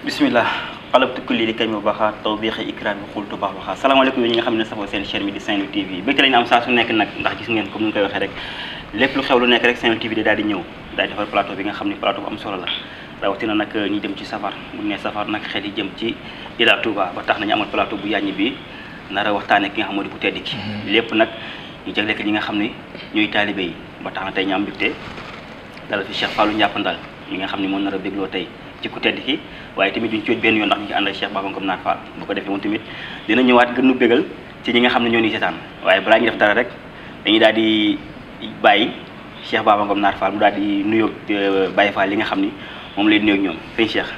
bismillah xalabtu kulli li kay mu baaxa tawfiixi ikraami xultu baax baaxa salaamaaleykum yéen ñi nga xam ne safoo seen chaîne bi di Saint-Louis TV bëgg lañu am saa su nekk nag ndax gis ngeen comme ni ñu koy waxee rek lépp lu xew lu nekk rek Saint-Louis TV di daal di ñëw daay di defar plateau bi nga xam ne plateau bu am solo la rawatina nag euh, ñi dem ci safar mu ne safar nag xel yi jëm ci Ila Touba ba tax nañu amal palaato bu yàññi bi nar a waxtaanee ki nga xam moo di ku tedd ki mm-hmm. lépp nag ñu jagleel ko ñi nga xam ne ñooy yi ba tax na tey ñu am mbégte dala fi Cheikh Fallou Ndiapandal mi nga xamni mo moo nar a bégloo ci ku tedd ki waye tamit duñ ci wet benn yoon ndax ñu ci Cheikh Baba Ngom Naar Fall bu ko defee moom tamit dina ñëwaat gën nu bégal ci ñi nga xam ne ñoo ñuy seetaan waaye balaa ñu def dara rek dañuy daal di bàyyi Cheikh Baba Ngom Naar Fall mu daal di nuyoo euh, Baye Fall li nga xamni mom lay nuyoog ñoom sëñ Cheikh.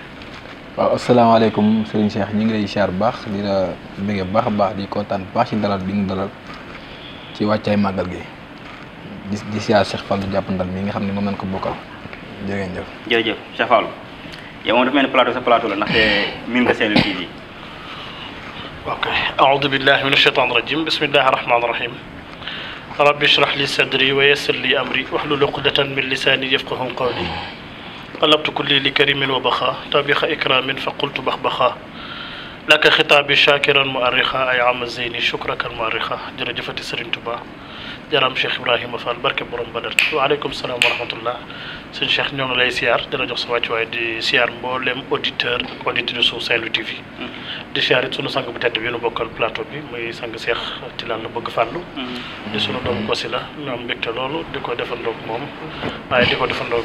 wa assalamu alaykum sëriñ Cheikh ñi ngi lay ziar bax dina di bax bax di kontaan bax ci dalal bi ñu dalal ci waccay magal gi di di siya Cheikh Fallou jàppandal mi nga xamni mom moom lañ ko bokal jeugen jeuf jeuf jërëjëf Cheikh fallu yow mo def mel plateau sa plateau la te min nga seen TV. ok aoudu billahi min acheytaan rajim bismillahi rahmaani rahim rabbi shrah li sadri wa yassir li amri wahlul uqdatan min lisaani yafqahu qawli qalabtu kulli li karimin wa baxa tabixa ikramin لك خطاب الشاكر المؤرخة أي عم الزيني شكرك المؤرخة جرجفة سرين تبا جرام شيخ إبراهيم وفال بركة برم بدر وعليكم السلام ورحمة الله سن شيخ نيون لأي سيار دينا جو سواج وايد سيار مولم أوديتر أوديتر سو سيلو تي في دي سيار تسونا سانك بتاعت بيونو بوكال بلاتو بي مي سانك سيخ تلان نبوك فالو دي سونا دوم كوسيلا نعم بيكتر لولو ديكو دفن موم باي ديكو دفن دوك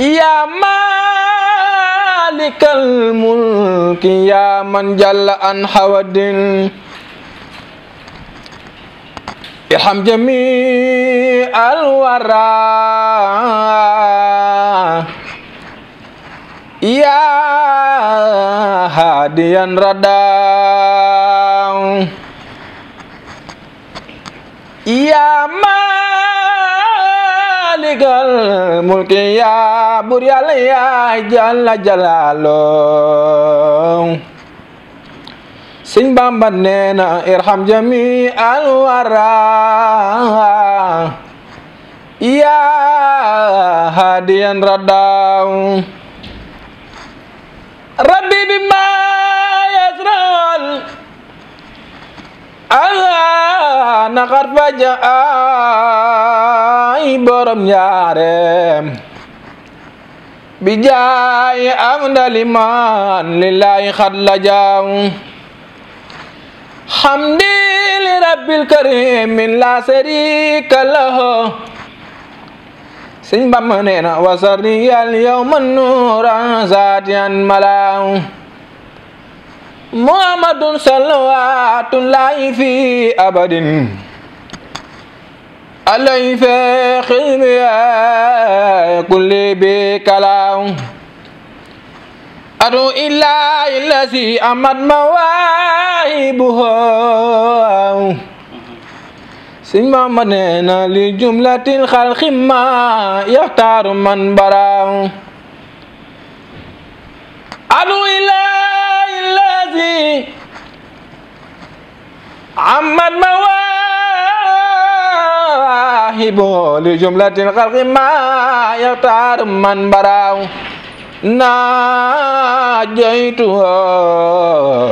Ya malikal mulki ya man jalla an hawadin Ilham jami al-wara Ya hadian radang Ya man maalikal mulki yaa bur yàlla yaa jalla jalaalo sëñ bamba nee na irham jami alwara yaa hadiyan radaw rabbi bi ma yasral alaa na xar borom ñaareem bi jaay am lillahi xat la jaaw xamdi li rabbil karim min la sharika lahu sëñ Bamba nee na nuuran zaatiyan malaaw محمد صلوات الله في أبد عليه في خدمة كل بكلام أدعو إلا الذي أمد مواهبه سيما مننا لجملة الخلق ما يختار من براهم عن إله الذي عمن مواهبه لجملة الخلق ما يختار من براه ناجيته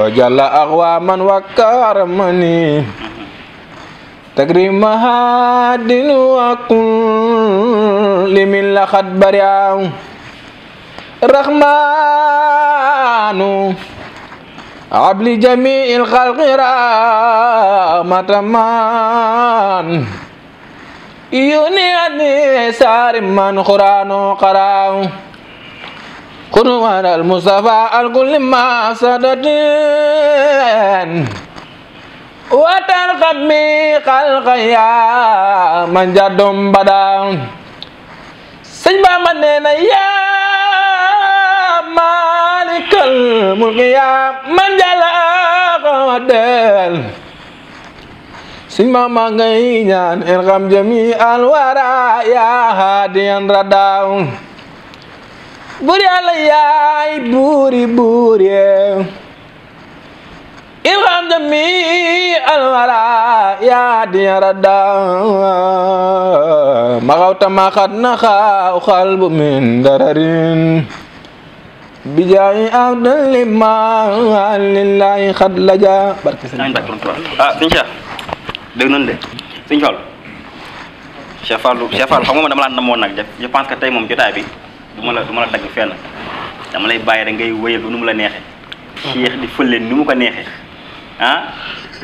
جل أغوى من وكرمني تكريم هاد وكل لمن لخد برياه رحمن القرآن عب لجميع الخلق رحمة من يوني سار من قرآن قرآن قرآن المصطفى الكل ما سدتين وترقمي خلق يا من جد بدا سجبا من يا مالك الملك يا من جلاك ودل سيما ما غينيان ارغم جميع الورى يا هاديا رداو بوري علي بوري بوري ارغم جميع الورى يا هاديا رداو ما غوت ما خد نخا وخلب من دررين bijaayi abdali ma lillahi xad laja barke sëñ ah sëñ Cheikh dégg noonu de sëñ Fall Cheikh Fallou Cheikh Fall xam nga ma dama laa namoon nag def je pense que tey moom jotaay bi du ma la du ma la dagg fenn dama lay bàyyi rek ngay wéyal nu mu la neexee Cheikh di fële ni mu ko neexee ah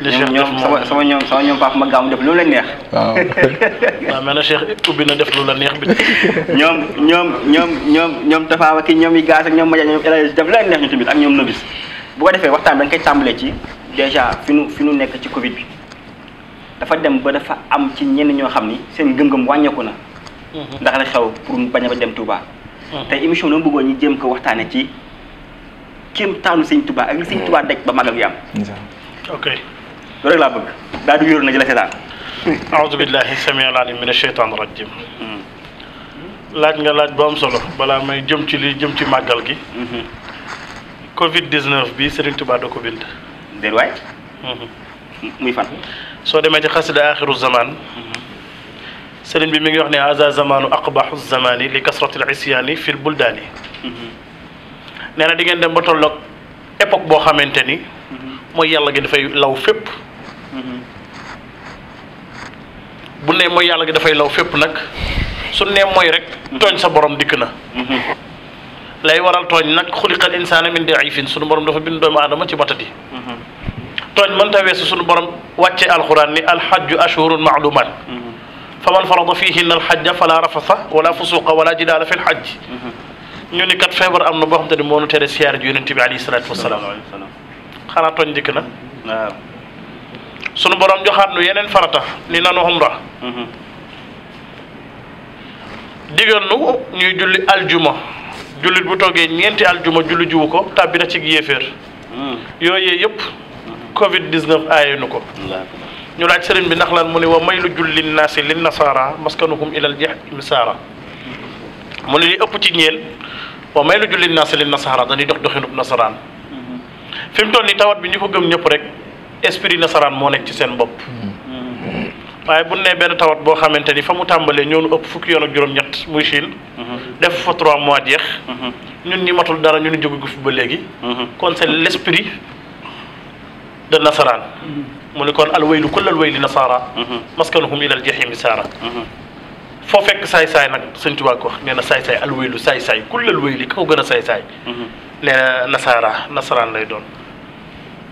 ñoom ñoom sama sama ñoom sama ñoom papa ma gaaw def lu la neex. waaw waaw mais na def lu la neex bi. ñoom ñoom ñoom ñoom ñoom Tafa ki ñoom yi gaa ak ñoom Maja ñoom El def lu la neex ñu tamit ak ñoom Nobis boo ko defee waxtaan bi da koy tàmbalee ci dèjà fi nu fi nu nekk ci Covid bi dafa dem ba dafa am ci ñenn ñoo xam ni seen gëm-gëm wàññeeku na. Mhm. ndax la xew pour bañ a dem Touba. Mhm. te émission bi bëggoon ñu jëm ko waxtaanee ci kéem taanu sëñ tubaa ak li sëñ Touba daj ba a gi am. ok. loolu rek laa bëgg daal di wéeru na ji la fi daan aoudu billahi sami alalim min asheytan rajim laaj nga laaj bu am solo balaa may jëm ci li jëm ci màggal gi covid 19 bi Serigne Touba da ko bind déet waay muy fan soo demee ci xasida axiru zaman sëriñ bi mi ngi wax ne haza zamanu aqbaxu zamani li kasrati l isyaani fil buldaani nee na di ngeen dem ba tolloog époque boo xamante ni mooy yàlla gi dafay law fépp bu ne moy yàlla gi da fay law fep nak su ne moy rek togn sa borom dik na lay waral togn nak khuliqal insana min daifin sunu borom dafa bind doomu adama ci batati togn man ta wess sunu borom wàcce alquran ni alhajj ashhurun ma'lumat faman man farada fihinna alhajj fala rafasa wala fusuqa wala jidaala fi lxajj ñu ni kat febar am na boo xam tane mo nu tere siyaare ju yunus tibbi alayhi salatu wassalam xanaa togn dik na sunu borom joxat nu yeneen farata ni nanu umra digal nu ñuy julli aljuma jullit bu toggee ñeenti aljuma julli juwu ko tàbbi na ci yéeféer yooyee yëpp covid 19 aaye nu ko ñu laaj sëriñ bi ndax lan mu ne wa maylu jullin julli naasi lin nasaara maskanukum al jeex misaara mu ne li ëpp ci ñeel wa maylu jullin julli naasi lin nasaara dañuy dox doxinub nasaraan fi mu toll nii tawat bi ñu ko gëm ñëpp rek esprit nasaran mo nek ci sen bop waye bu ne ben tawat bo xamanteni famu tambale mu tàmbalee ñoo fukki yoon ak juróom-ñett muy Chine. def fa 3 mois jeex. ñun ñi matul dara ñu ni jógagu guf ba legi kon c'est l'esprit de nasaran mu ne kon al alwaylu kull wayli nasara maskanuhum ila al jahim sara fo fek say say nak seigne touba ko wax nee say saay-saay alwaylu say saay kull alwayli ka ko gëna say say saay nee na lay doon.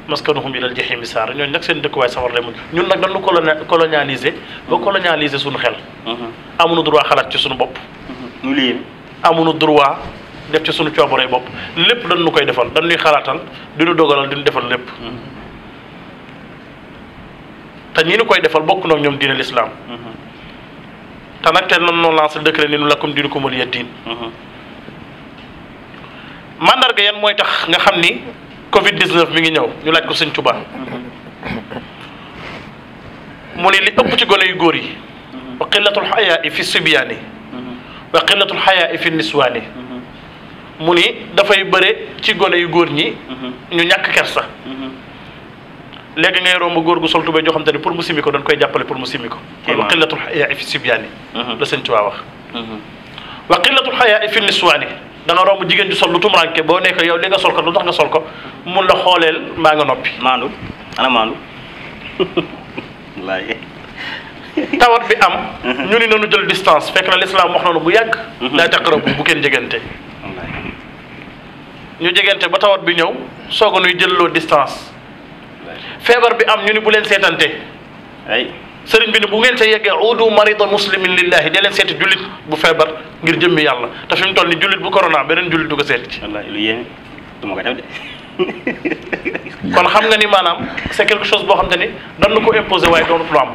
مسكنهم الى الجحيم سار ني نك سين دك واي سفر لي مون ني نك دانو كولونياليزي بو كولونياليزي سون خيل امونو دروا خلات سي سون بوب نولي امونو دروا ديف سي سون تيوبوري بوب ليب دان نكاي ديفال دان لي خلاتال دي نو دوغالال دي نو ديفال ليب تا ني نكاي ديفال بوك نو نيوم دين الاسلام تا نك تي نون نون لانس دكري ني دين mandarga yan moy tax nga xamni Covid 19 mi ngi ñëw ñu laaj ko sëñ Touba mu ne li ëpp ci gone yu góor yi wa qillatul xayaa fi sibyani wa qillatul xayaa fi niswani mu ni dafay bëre ci gone yu góor ñi ñu ñak kersa léegi ngay romb góor gu sol tubéy joo xam te ne pour mu simi ko dañ koy jàppale pour mu simi ko kon wa qillatul xayaa fi sibyaani la sëñ Touba wax wa qillatul xayaa fi niswaani da nga romb jigéen ju sol lu tumuranke boo nekk yow li nga sol ko lu tax nga sol ko mun la xooleel maa nga noppi. maandu ana tawat bi am. Mhm. ñu ni nañu jël distance fekk na lislaam wax na bu yàgg. laa mhm. taqrabu bu kenn jegante. ñu jegante ba tawat bi ñëw soog a nuy jëlloo distance. feebar bi am ñu ni bu leen seetante. ay sëriñ bi ni bu ngeen sa yegge udu maridun muslimin lillahi de len setti julit bu febar ngir jëmmi yàlla ta fim mu julit bu corona benen julit du ko setti ci wallaahi lu yeen du ma ko def de kon xam nga ni manam c'est quelque chose bo xamanteni don nako imposer way don lu am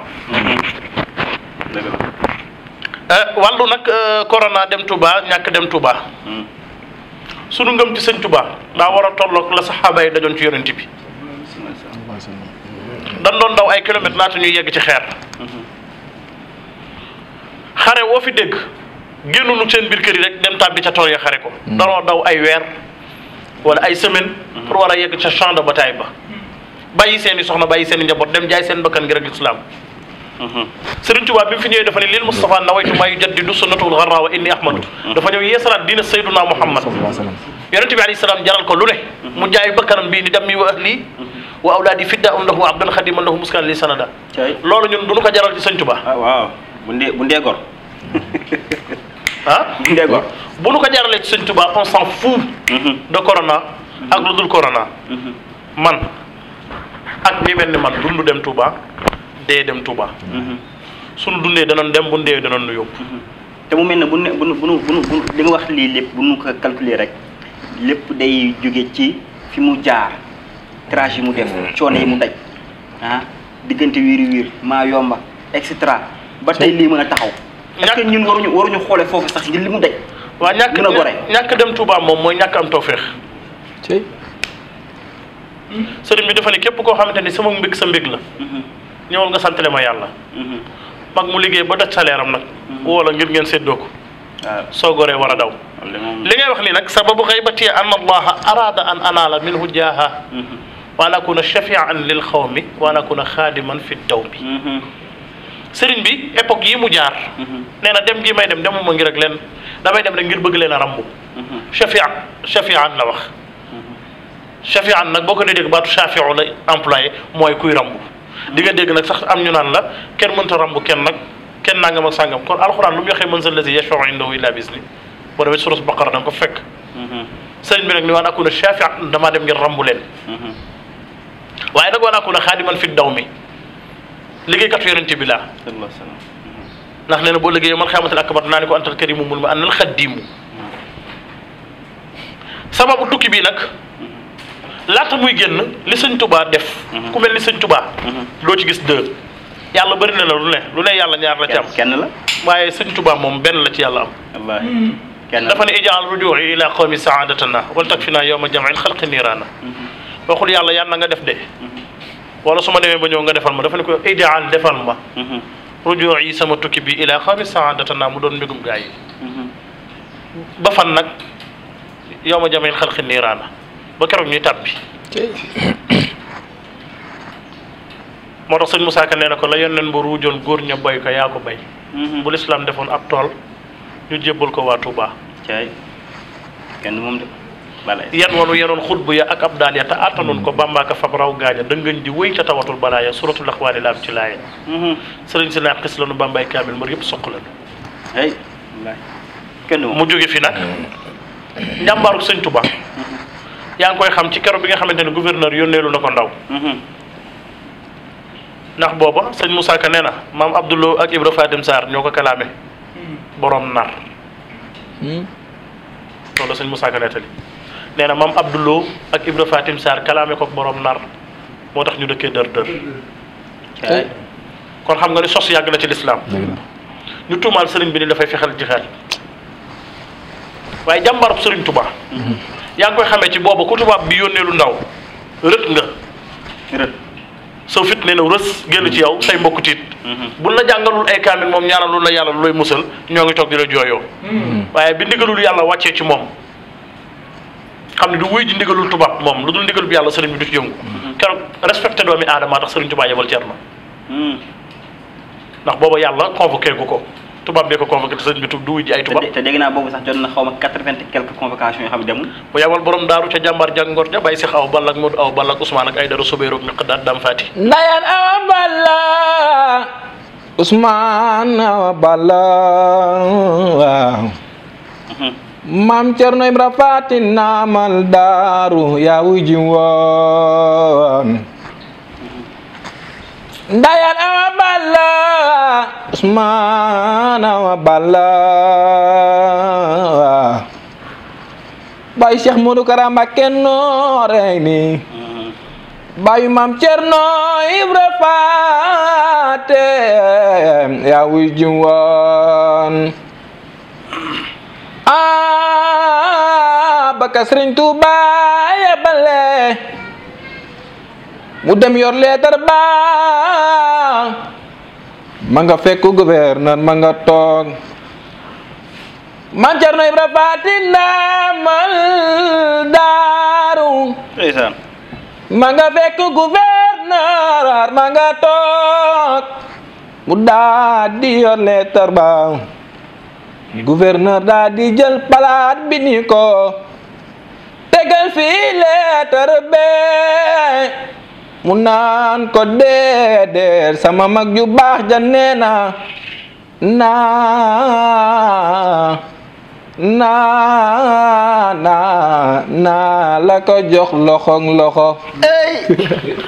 wàllu nag corona dem Touba ñak dem Touba sunu ngam ci seigne Touba da wara a la sahaba yi dajon ci yonent bi dañ doon daw ay kilomètre laata ñuy yegg ci xeer xare woo fi dégg génnuñu seen biir kër yi rek dem tàbbi ca tool ya xare ko danoo daw ay weer wala ay semaine pour war a yegg ca champ de bataille ba bàyyi seen i soxna bàyyi seen i njaboot dem jaay seen bakkan ngir ak islam Sëriñ Tuubaa bi mu fi ñëwee dafa ne lil mustapha nawaytu maa yujaddidu sunnatul gharra wa inni ahmadu dafa ñëw yeesalaat diina sayduna Muhammad yonente bi alayhi salaam jaral ko lu ne mu jaay bakkanam bii ni dem mi wa ahli wa awlaadi fiddaa'un um lahu abdan xadiman um lahu muskan li sanada loolu ñun du ñu ko jaral ci sëñ Tuubaa ah, waaw bu ndee bu ndee gor ah bu ndee gor bu ñu ko jaralee ci sëñ tubaa on s'en fout mhm. de corona mhm. ak lu dul corona mhm. man ak ñi mel man dund dem Touba dee dem Touba. suñu dundee danoon dem bu dee danoon nu yóbbu. te mu mel ne bu ne bu nu bu nu bu li nga wax lii lépp bu nu ko calculer rek lépp day jóge ci fi mu jaar trash yi mu def choone yi mu daj ah diggante wir wir ma yomba et cetera ba tay li meuna taxaw est-ce que ñun waruñu waruñu xolé fofu sax ngir li mu daj wa ñak mën gore dem Touba mom moy ñak am tawféex sëriñ bi defal ne képp koo xamante sama mbik sa mbik la mhm. ñewal nga santale ma yalla mhm. mag mu liggéey ba da salaire nak mhm. wala ngir ngeen séddoo ko so gore wara daw li ngay wax ni nak sababu ghaibati anallaha arada an allaha an minhu jaha وأن أكون شفيعا للقوم وأن أكون خادما في الدوم sëriñ bi époque yi mu jaar nee na dem gi may dem demuma ngir ak leen damay dem rek ngir bëgg leen a rambu chafia chafian la wax chafian nag boo ko dee dégg baatu chafiu la employé mooy kuy rambu di nga dégg nag sax am ñu naan la kenn mënta rambu kenn nag kenn nangam ak sàngam kon alxuraan lu mu waxee mën sa lazi yashfau indahu illa bis ni boo demee suros baqara da nga ko fekk sëriñ bi nag ni waan akuna chafia damaa dem ngir rambu leen waaye nag wala akuna khadiman fi dawmi mi kat yonente bi laa ndax nee na boo man khamatul akbar nani ko antal karimu mul ma annal xaddiimu sababu tukki bi nak lat muy génn li seigne touba def ku mel ni sëñ tubaa loo ci gis deux yàlla bari na la lu ne lu ne yàlla ñaar la ci am kenn la waye seigne touba mom ben la ci yàlla am wallahi dafa ni ijal rujuu ila qawmi saadatana wal takfina yawma jamil khalqi nirana waxul yalla yalla nga def de wala suma demé ba ñow nga defal ma dafa ko ideal defal ma rujui sama tukki bi ila khamis mi mu don mbégum gaa ba fan nak yow ma jameel nirana ba keroog ñuy tabbi mo do sëñ Moussa Ka ko la yonen bu ruujoon gor ñu boy ko ya ko bay bu l'islam defon ab tol ñu ko wa Touba. kenn mom def yan wanu yenoon xutbu ya ak ab daal ya te attanoon ko bàmbaaka fab raw gaaña dëngañ di wéy ca tawatul balaaya suratul axwaani la am ci laaya mhm. sëriñ si naa xis lanu bàmbaay kaamil mar yëpp soq lanu kenn mu jóge fi nag mhm. njàmbaaru sëñtu Tuba mhm. yaa ngi koy xam ci keroog bi nga xamante ni ne gouverneur yónneelu na ko ndaw ndax booba sëñ Moussa Ka nee na maam Abdoulou ak Ibra Fatim Sarr ñoo ko kalaame borom nar loolu sëñ Moussa Ka nee na maam Abdoulou ak Ibra Fatim Sarr kalaame ko borom nar moo tax ñu dëkkee dër dër kon xam nga ni sos yàgg na ci lislaam ñu tuumaal sëriñ bi ni dafay fexal jixaat waaye jàmbaarub sëriñ Touba. Mhm. yaa ngi koy xamee ci boobu ku tubaab bi yónnee lu ndaw rët nga soo fit nee na rës génn ci yow say mbokk mhm. bu la jàngalul ay kaamil moom ñaanalul la yàlla lu lay musal ñoo ngi toog di la mhm. waaye bi ndigalul yàlla wàccee ci moom xam ne du wéy ji ndigalul tubaab moom lu dul ndigalub yàlla sëriñ bi du ci yëngu mm-hmm. keroog respecté doomi aadamaa tax sëriñ Tuubaa yebal Cerno mm-hmm. ndax booba yàlla convoqué gu ko tubaab ko convoqué te sëriñ bi du wuy ji xaw ma quatre-vingt et quelques convocations yoo xam ne demul bu yebal borom daaru ca jàmbaar jàng ngor ja bàyyi si aw ball ak awa balla Ousmane awa balla waaw mm-hmm. Mam cerno ibra faati naamal daru ya wujji woon ndayal awa balla usmaan awa balla baay cheikh bayi kara mbakke noorey ni baayu maam cerno ibra faate yaa wujji ba ka sëriñ Tuuba yebale mu dem yor leetar ba ma nga fekk gouverneur ma nga toog man Cerno Ibra Faati ndaamal daaru ma nga fekk gouverneur ma nga toog mu daa di yor leetar ba gouverneur daa di jël palaat bi ni ko tegal fi le bee munan naan ko déedéet sama mag yu bax janena na na na na la ko jox loxo loxo.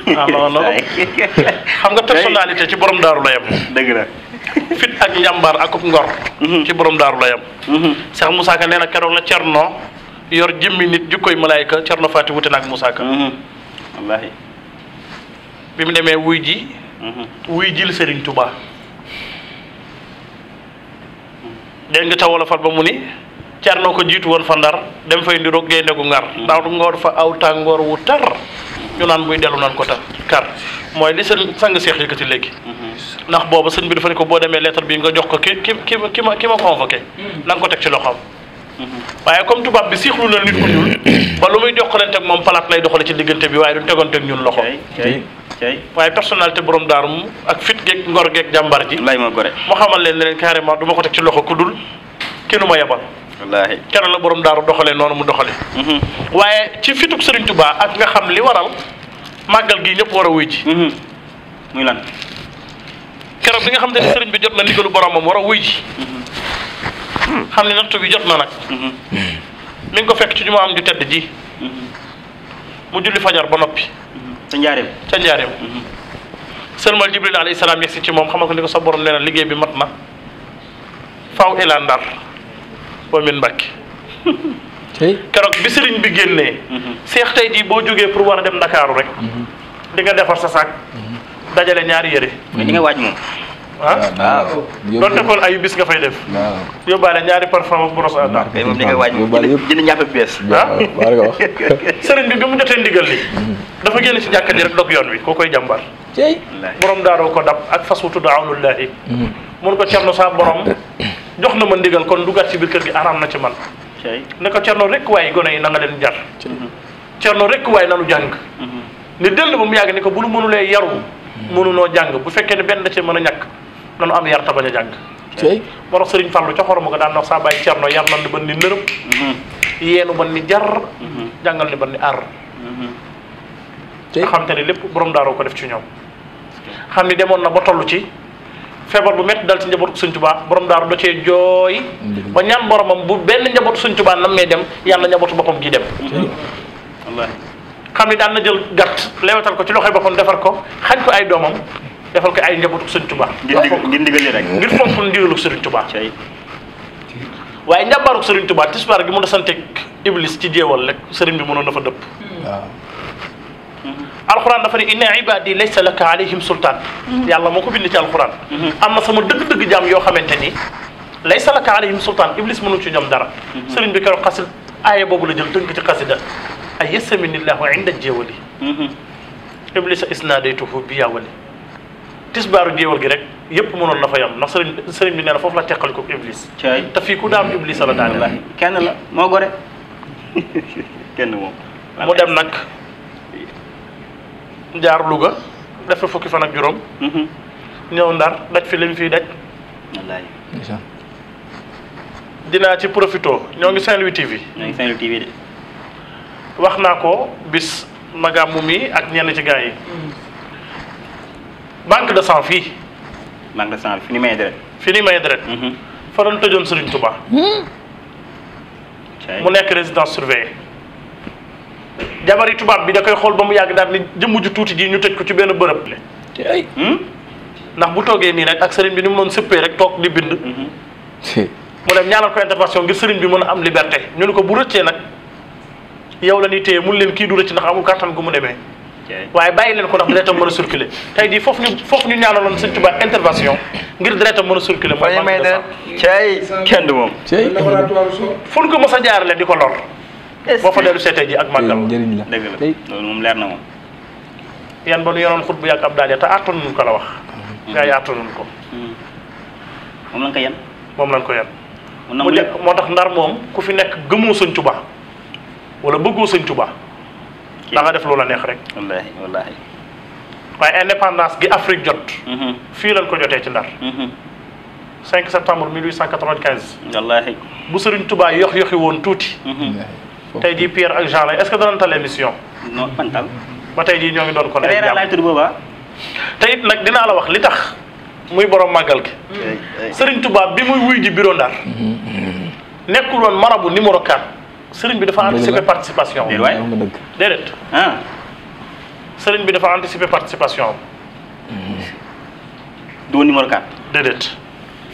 xam nga personnalité ci borom daru la yem. dëgg fit ak njàmbaar ak ngor. Mhm. ci borom daru la yem. Cheikh mhm. Moussa Ka neena na la Cerno yor jëmmi nit jukkoy malaika Cerno fatou wute nak musa Ka mhm. wallaahi bi mu demee wuy ji mhm. wuy jil Serigne Touba den nga tawala fal ba muni Cerno ko jitu won fa ndar dem fay ndiroog gaynde gu ngar mhm. ndax ngor fa aw tàngoor wu tar ñu nan muy delu nan ko tar kar moy li sen sang cheikh yekati legi ndax bobu sen bi dafa ne ko lettre bi nga jox ko ki ki ki ma ki ma ko tek ci loxam Mm-hmm. waaye comme tubaab bi siixlu na nit ku ñuul ba lu muy jokkalante ak moom palaat lay doxale ci diggante bi waaye duñ tegante ak ñun loxo waaye personnalité borom daaru ak fit geeg ngor geek jàmbar ji lay ma gore moo xamal leen leen carrément duma ma ko teg ci loxo ku dul ki nu ma yebal wallaahi kenn la borom daaru doxalee noonu mu doxale mm-hmm. waaye ci fituk Serigne Touba ak nga xam li waral màggal gi ñépp war a wuy ji mm-hmm. muy lan keroog nga xam ne bi jot na ndigalu boromam war a wuy ji xam ne naxtu bi jot na nag mi mm-hmm. ko fekk ci jumaa am ju tedd ji mm-hmm. mu julli fajar ba noppi mm-hmm. ca njaareem ca njaareem sëlmal jibril alayhi salaam yegsi ci moom xamal ko ni ko sa borom nee na liggéey bi mat na faw ilaa ndar wa min mbàkki keroog bi sëriñ bi génnee seex tey jii boo jógee pour war a dem ndakaaru rek di nga defar sa saak dajale ñaari yére di nga waaj moom ah protocole ayu bis nga fay def yóbbaale ñaari parfum ak brosse à dents kay moom ni koy waaj jënd ñaata pièce ah sëriñ bi bi mu jotee ndigal li dafa génn ci jàkka ji rek dog yoon wi koo koy jàmbar cey borom daaroo ko dab ak fas wutu daalullahi mun ko cerno saa borom jox na ma ndigal kon dugaat ci biir kër gi aram na ci man ne ko cerno rek waaye gone yi na nga leen jar mhm. cerno rek waaye nanu jàng mhm. ni dell ba mu yàgg ni ko hmm. bu nu mënulee yaru mënunoo jàng bu fekkee ne benn da cee nanu am yar ta baña jang cey boro serigne fallu ci xorom ko daan wax sa bay cierno yar nan ban ni hmm yenu ban ni jar hmm jangal ni ban ni ar hmm cey xam tane lepp borom daaro ko def ci ñom xam ni demon na ba tollu ci febar bu met dal ci njabot serigne touba borom daaro do ci joy ba ñaan boromam bu ben njabot serigne touba nam me dem yalla njabot bopam gi dem mhm. wallahi xam ni daan na jël gatt lewetal ko ci loxoy bopam defar ko xagn ko ay domam defal ko ay njabootu sëriñ Tuubaa. ngir ndigal li rek ngir fonk ndigalu sëriñ Tuubaa. waaye njàmbaaru sëriñ Tuubaa tisbaar gi mën a santeeg iblis ci jéewal rek sëriñ bi mënoon na fa dëpp. waaw. alxuraan dafa ne inna ibadi laka alayhim sultaan. Mm-hmm. yàlla moo ko bind ci alxuraan. Mm-hmm. am na sama dëgg-dëgg jaam yoo xamante ni laysa laka alayhim sultaan iblis mënu ci ñoom dara. Mm-hmm. sëriñ bi keroog xasid aaya boobu la jël tënk ci xasida ay yasaminillahu inda jéewali. iblisa isnaadaytuhu bi yaawali tisbaaru jéewal gi rek yëpp mënul na fa yam ndax sëriñ sëriñ bi nee na foofu la teqal ko iblis. te fii ku daam iblis la daane kenn la moo gore kenn moom. mu dem nag jaar luga def fa fukki fan ak juróom. Mhm. ñëw ndar daj fi fii daj. wallaay. dinaa ci profito ñoo ngi Saint-Louis TV. wax naa ko bis magaamu mi ak ñenn ci gars yi. banque de sang fii. banque de sang fi ni may deret. fi ni may deret. Mhm. fa tëjoon Serigne Touba. Hmm? mu nekk résidence surveillée. jabari tubaab bi da koy xool ba mu yàgg daal ni jëmm ju tuuti ji ñu tëj ko ci benn bërëb. te ay. Hmm? ndax bu toogee nii rek ak sëriñ bi ni mu doon sëppee rek toog di bind. Mhm. mu dem ñaanal ko intervention ngir sëriñ bi mën a am liberté ñu ne ko bu rëccee nag yow la ñuy téye mun leen kii du rëcc ndax amul kàttan gu mu demee. waaye bàyyi leen ko ndax deretam mën a circuler tey jii foofu ñu foofu ñu ñaanaloon Sëñ Tuubaa intervention ngir deretam mën a circuler mooy may deret cay kenn du moom fu ñu ko mos a jaarale di ko lor boo fa dellu seetee ji ak màggal la dëgg la loolu moom leer na yan ba nu yoroon xut bu yàgg ab daaja te àttanuñ ko la wax mm-hmm. gaa yi àttanuñ ko mm-hmm. moom lañ ko yan moom lañ ko moo tax ndar moom ku fi nekk gëmoo Sëñ Tuubaa wala bëggoo Sëñ Tuubaa da nga def lu la neex rek. wallaahi wallaahi. waaye indépendance gi Afrique jot. fii lañ ko jotee ci Ndar. 5 septembre 1895. wallaahi bu Serigne Touba yox yoxi woon tuuti. tey jii Pierre ak Jean lay est-ce que danañ tal émission. non fan tal. ba tey jii ñoo ngi doon kon ay jàmm te boobaa. te it nag dinaa la wax li tax. muy borom màggal gi. Serigne Touba bi muy wuy ji bureau Ndar. nekkul woon marabu numéro 4. sëriñ bi dafa anticiper participation am. waaye déedéet ah. sëriñ bi dafa anticiper participation am. doo numéro 4. déedéet.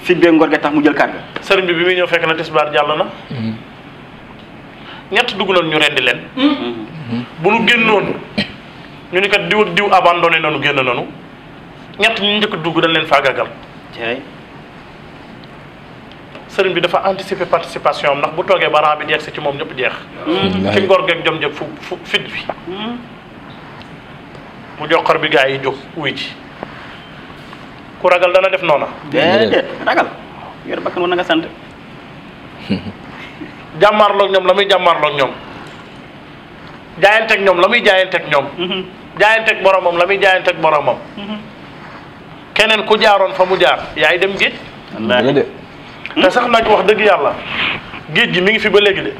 fi ngor ga tax mu jël carte sëriñ bi bi muy ñëw fekk na tisbaar jàll na. Mhm. ñett dugg nañ ñu rendi leen. Mhm. Mhm. bu nu génnoon ñu ni diw ak diw abandonné nañu génn nañu ñett ñu njëkk dugg dañ leen faagagal. sëriñ bi dafa anticiper participation am ndax bu toogee ba rang bi jeex si ci moom ñëpp jeex. ci ngor geeg jom jëm fu fu fit bi. mu joxor bi gaa yi jóg wuy ci ku ragal dana def noona déedéet ragal yor bakkan woon na ñoom la muy jàmmaarloog ñoom jaayanteeg ñoom la muy jaayanteek ñoom. Mhm. jaayanteeg boromam la muy jaayanteeg boromam. Mhm. keneen ku jaaroon fa mu jaar yaay dem géej. te sax nag wax dëgg yàlla géej gi mi ngi fi ba léegi de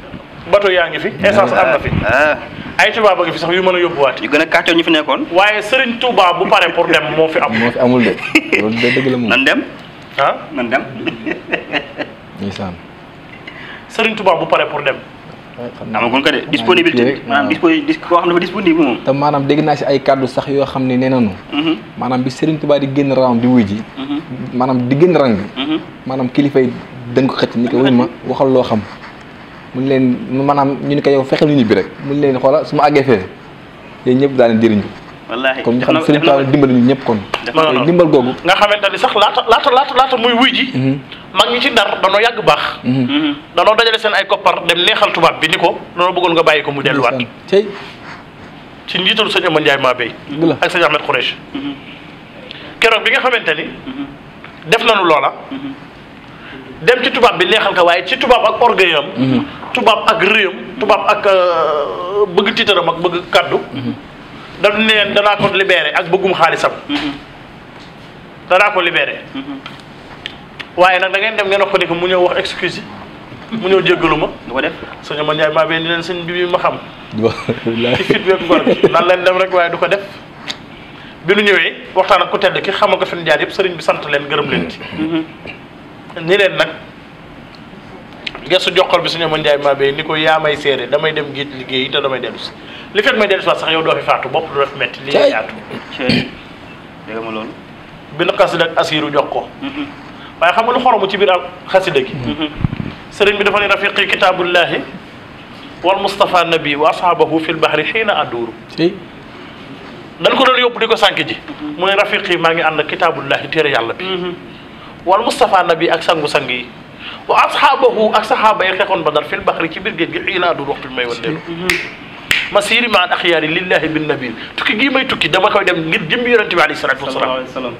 bato yaa ngi fi essence am na fi ah, ah. ay tubaab a ngi fi sax yu mën a yóbbuwaat yu gën a kàcce ñu fi nekkoon waaye Serigne Touba bu pare pour dem moo fi am moo fi amul de loolu de dëgg la moom nan dem ah nan dem ndeysaan Serigne Touba bu pare pour dem amagul ah, ko de disponibilité maanaam disposi koo xam dafa disponible moom te maanaam dégg naa si ay kàddu sax yoo xam ne nee nañu mhm. maanaam bi Serigne Touba di génn rang di wuy ji mhm. maanaam di génn rang mhm. maanaam kilifay yi dañ ko xëcc ni ko wuy ma waxal loo xam mu leen maanaam ñu ni ko yow fexeel ñu bi rek mu leen xoola su ma àggee fee yéen ñëpp daane jëriñu wallahi kon xam sëriñ Taala dimbal ñu ñëpp kon dimbal googu nga xamante ni sax laata laata laata laata muy wuy ji mhm. mag ñi ci dar danoo yàgg baax mhm. Mhm. danoo dajale seen ay koppar dem neexal tubaab bi ni ko no bëggoon nga bàyyi mu delluwaat tey ci njiitul sëñ Amane Ndiaye Mabey ak sëñ Ahmed Khourech keroog bi nga xamante ni def nañu loola dem ci tubaab bi neexal ka waaye ci tubaab ak orgueilam tubaab ak réyam tubaab ak euh, bëgg tiitaram ak bëgg kaddu daf ne leen danaa ko libéré ak bëggum xaalisam. Mm-hmm. danaa ko libéré. Mm-hmm. waaye nag da ngeen dem ngeen wax ko ni mu ñëw wax excuse mu ñëw jéggalu ma. du ko def sëñ Ma Ndiaye maa bee ni leen sëñ bi ma xam. ci fit week ngor bi leen dem rek waaye du ko def. bi nu ñëwee waxtaan ak ku tedd ki xamal ko fi jaar yëpp sëriñ bi sant leen gërëm leen ci. Mm-hmm. ni leen nag. gestu joxol bi suñu mën njaay maa bee ni ko yaa may seede damay dem géej liggéey te damay dellu si li fekk may dellu si doo fi faatu bopp du def metti li nga ma loolu bi na xasida ak asiru jox mm-hmm. waaye xam nga lu xoromu ci biir al xasida gi mm-hmm. sëriñ bi dafa ne rafiqi kitaabullahi wal mustafa nabi wa ashabahu fil bahri xiina adduuru dañ ko doon yóbbu di ko sànq ji mm-hmm. mu ne rafiqi maa ngi ànd ak kitaabullahi téere yàlla bi wal mustafa nabi ak sangu-sang yi واصحابه اصحاب يخون بدر في البحر كبير جي عيناد روح المي ولد مسيري مع الاخيار لله بالنبي تكي جي مي تكي دما كو دم غير جيم يونت عليه الصلاه والسلام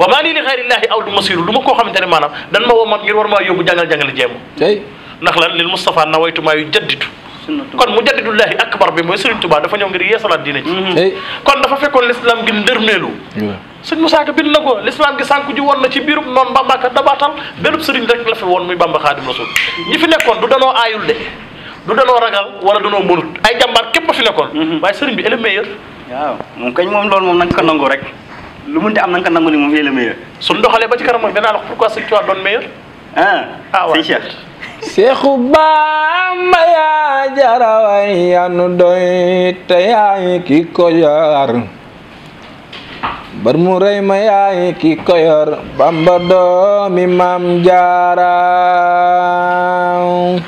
وما لي لغير الله او المصير لما كو خامت ما نام دان ما وما غير ورما يوب جانال جانال جيم اي نخلا للمصطفى نويت ما يجدد kon mu mujaddidullahi akbar bi moy Serigne Touba dafa ñow ngir yeesalat diine ci mhm. eh. kon dafa fekkon l'islam gi ndërmeelu serigne Moussa Ka bin na l'islam gi sanku ju won na ci biirub non Bamba ka dabatal benn Serigne rek la fi won muy Bamba khadim Rasul ñi fi nekkon du dano ayul de du dano ragal wala dano mulut ay jambar kep fi nekkon mhm. way Serigne bi ele meilleur waaw moom kañ mom lool mom nañ ko nangu rek lu mënti am nañ ko nangu ni mom ele meilleur sun doxale ba ci karam nag danaa la pourquoi sëñ Touba don meilleur ah, ah waaw Seexu Bamba yaa jaraway yanu doy te yaay ki ko yor bar mu rëy ma yaay ki ko yor Bamba doomi maam jaaraw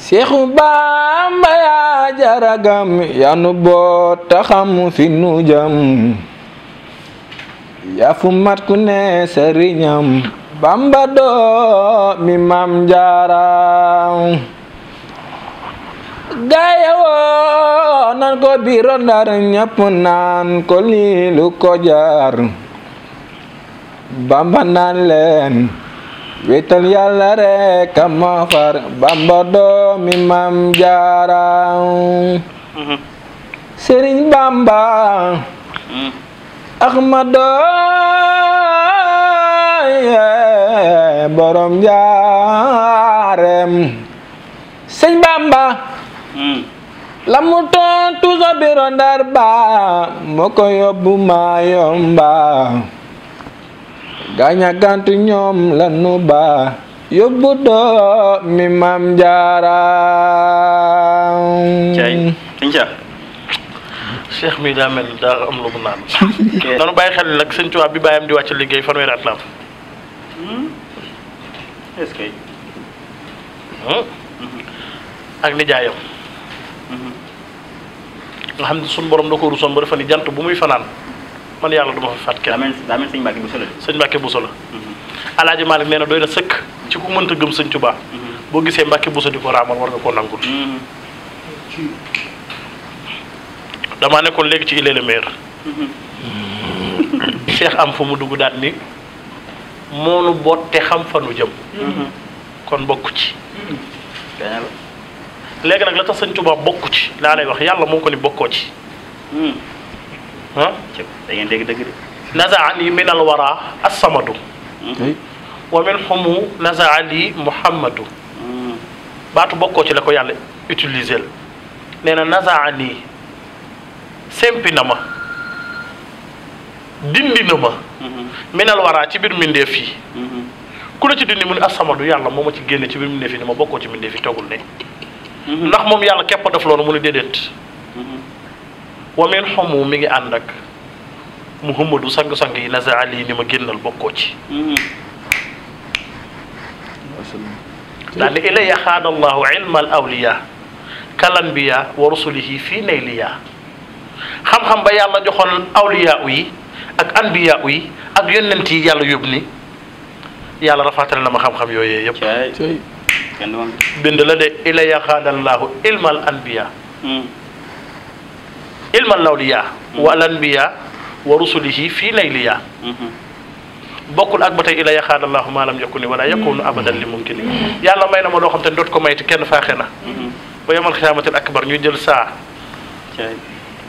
Seexu Bamba yaa jaragam yanu boo taxam fi nu jam yafu mat ku ne sëriñam bamba doo mi maam jaara gaayawoo nan ko biro ndar ñëpp naan ko liilu ko jaar bamba naan leen wéetal yàlla rek ma bamba doo mi maam jaara mm-hmm. sëriñ bamba mm-hmm. Ahmado borom jaareem sëñ Bamba hmm. la mu tontu sobiron dar ba moo yóbbu maa yomba gaaña gantu ñoom la nu yóbbu doo mi maam jaara cheikh mii daa mel daa am lu mu naan. noonu bàyyi xel nag sëñ Tuubaa bi bàyyam di wàcc liggéey fanweeri at la am. Hmm? Hmm? Hmm. ak nijaayam. nga xam ne suñu borom da ko rusoon ba dafa jant bu muy fanaan man yàlla duma fa fàtte. daa mel daa mel sëñ Mbàkke Buso la. sëñ Alaaji Maalik nee na na sëkk ci ku mënta gëm sëñ Tuubaa. boo gisee Mbàkke Buso di ko raamal war nga koo nangul. dama nekkon léegi ci ile le maire Cheikh am fu mu dugg daat ni monu botte xam fa nu jëm kon bokku ci léegi nak la tax seigne touba bokku ci la lay wax yàlla moko ni bokko ci ah da ngeen nazaani min al wara as-samadu wa min xumu nazaali muhammadu baatu bokko ci la ko yàlla utiliser nee nazaani sempi na ma dindi na ma minal waraa ci biir mbindeef yi ku la ci dindi mu ne asamadu yàlla moo ma ci génne ci biir mbindeef yi ne ma bokkoo ci mbindeef yi toogul ne ndax moom yàlla képp a def loolu mu ne déedéet wa min xomu mi ngi ànd muhammadu sang-sang yi nasa ali ni ma génnal bokkoo ci daal ni ilaya xaadallahu ilma awliya kal wa rusulihi fii nayliya xam-xam ba yàlla joxoon awliya yi ak anbiya yi ak yonent yi yàlla yóbbu ni yàlla rafaatal na ma xam-xam yooyee yëpp bind la de ila ilma al anbiya ilma al awliya wa al anbiya wa rusulihi fii layliya bokkul ak ba tey ila yaxaadallaahu maalam yakuni wala yakunu abadan li mumkini yàlla may na ma loo xam te dot doot ko mayti kenn faaxe na ba yamal xiyaamatil akbar ñu jël saa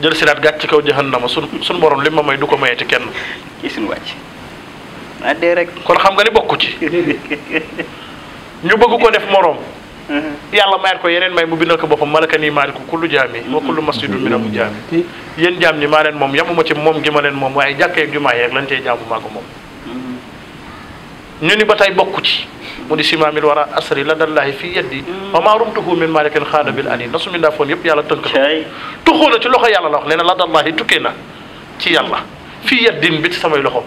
jël siraat gàcc ci kaw jahannama sun sun borom li ma may du ko mayee ci kenn. ci suñu wàcc. ah dee rek. kon xam nga ni bokku ci. ñu bëgg ko def moroom. Uh-huh. yàlla mayat ko yeneen may mu bindal ko boppam malaka nii maaliku kullu jaami wa uh-huh. kullu masjidun mina mu uh-huh. jaami yéen jaam ñi maa leen moom yamuma ci moom gi ma leen moom waaye jàkkee ak jumaa yeeg lan cey jaamu maa ko moom. ñu ni ba tey bokku ci. mu ni simaamil wara asri la dallahi fii yeddi mm. wa maa rumtuhu min malikin xaada bil ani nasu min daa yàlla tënk ko tuxu na ci loxo yàlla la wax nee tukkee na ci yàlla fii yeddin bi ci samay loxo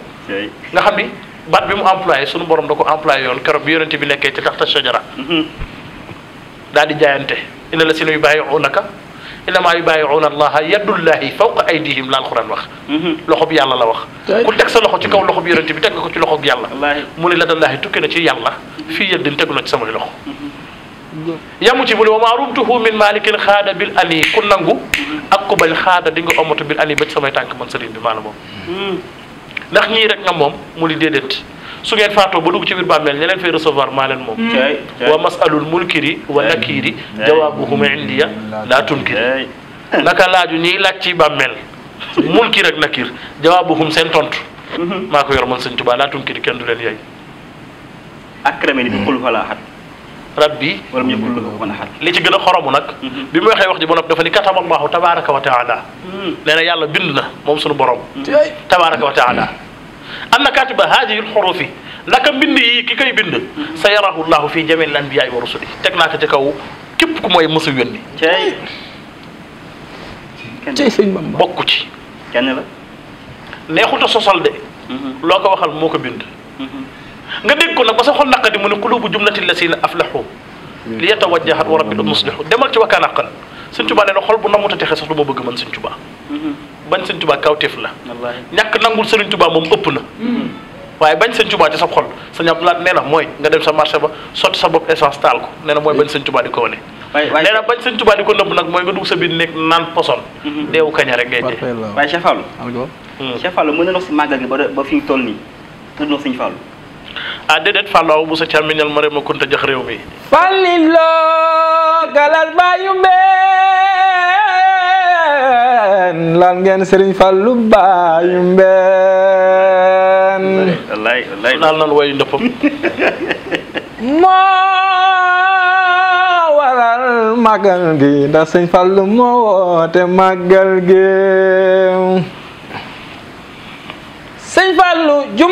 nga xam ni baat bi mu employé sunu borom da ko employé yoon keroog bi yonente bi nekkee ci taxta shajara mm-hmm. daal di jaayante ina la si nuy bàyyi unaka الا ما يبايعون الله يد الله فوق ايديهم لا القران واخ لوخو بي يالا لا واخ طيب. كو تك سا لوخو سي كاو لوخو بي يونتي بي تك كو سي لوخو بي يالا مولاي لا الله توكي نا سي يالا في يد تغلو سي سامي لوخو يامو تي بولي وما رمته من مالك الخاد بالالي كنغو اكبل الخاد ديغا اوموتو بالالي با سامي تانك مان سيرين دي مالا موم نخ ني رك نا موم مولاي ديدت su ngeen faatoo ba dugg ci biir bàmmeel ña leen fay recevoir maa leen moom wa masalul mulkiri wa nakiri jawaabuhuma indiya laa tunkiri naka laaju ñiy laaj ci bàmmeel mulkir ak nakir jawaabuhum seen tontu maa ko yor man sëñ Tuubaa laa tunkiri kenn du leen yey akrame ni bi xul falaa xat rabbi wala mu yëkkul ko mën a xat li ci gën a xoromu nag bi mu waxee wax ji ba noppi dafa ni kataba allahu tabaraka wa taala nee na yàlla bind na moom suñu borom tabaraka wa taala anna katiba haadihi lxurufi naka mbind yi ki koy bind sa yarahu llahu fi jami l anbiyaai wa rusuli teg naa ko ci kaw képp ku mooy mësa yónni tey sëñ Bamba bokk ci kenn la neexuta sosal de loo ko waxal moo ko bind nga dégg ko nag ba sa xol naqadi mu ne qulubu jumlati lasina aflahu li yatawajjahat wa rabbil muslihu demal ci wakkaan aqal sëñ Tuubaa nee na xol bu namuta texe sax lu ma bëgg man sëñ Tuubaa bañ sëñ Tuubaa kawteef la ñàkk nangul sëriñ Tuubaa moom ëpp na hmm. waaye bañ sëñ Tuubaa ci sa xol sëñ Abdou Lahad nee na mooy nga dem sa marché ba sotti sa bopp essence taal ko nee mooy nga dugg sa biir nekk naan poson hmm. deewu kaña rek ngay dee waaye Cheikh Fallou hmm. Cheikh na wax si màggal gi ba fi ñu toll nii tudd na sëñ Fallou ah déedéet Fallou bu sa càmmiñal ma rema kunta jax réew mi falliloo galas bàyyu mbee mbeen laal ngeen Serigne ben, baayu mbeen. wallaahi wallaahi laal nan wayu waral màggal gi ndax Serigne Fallou moo woote màggal gi. Serigne Fallou ji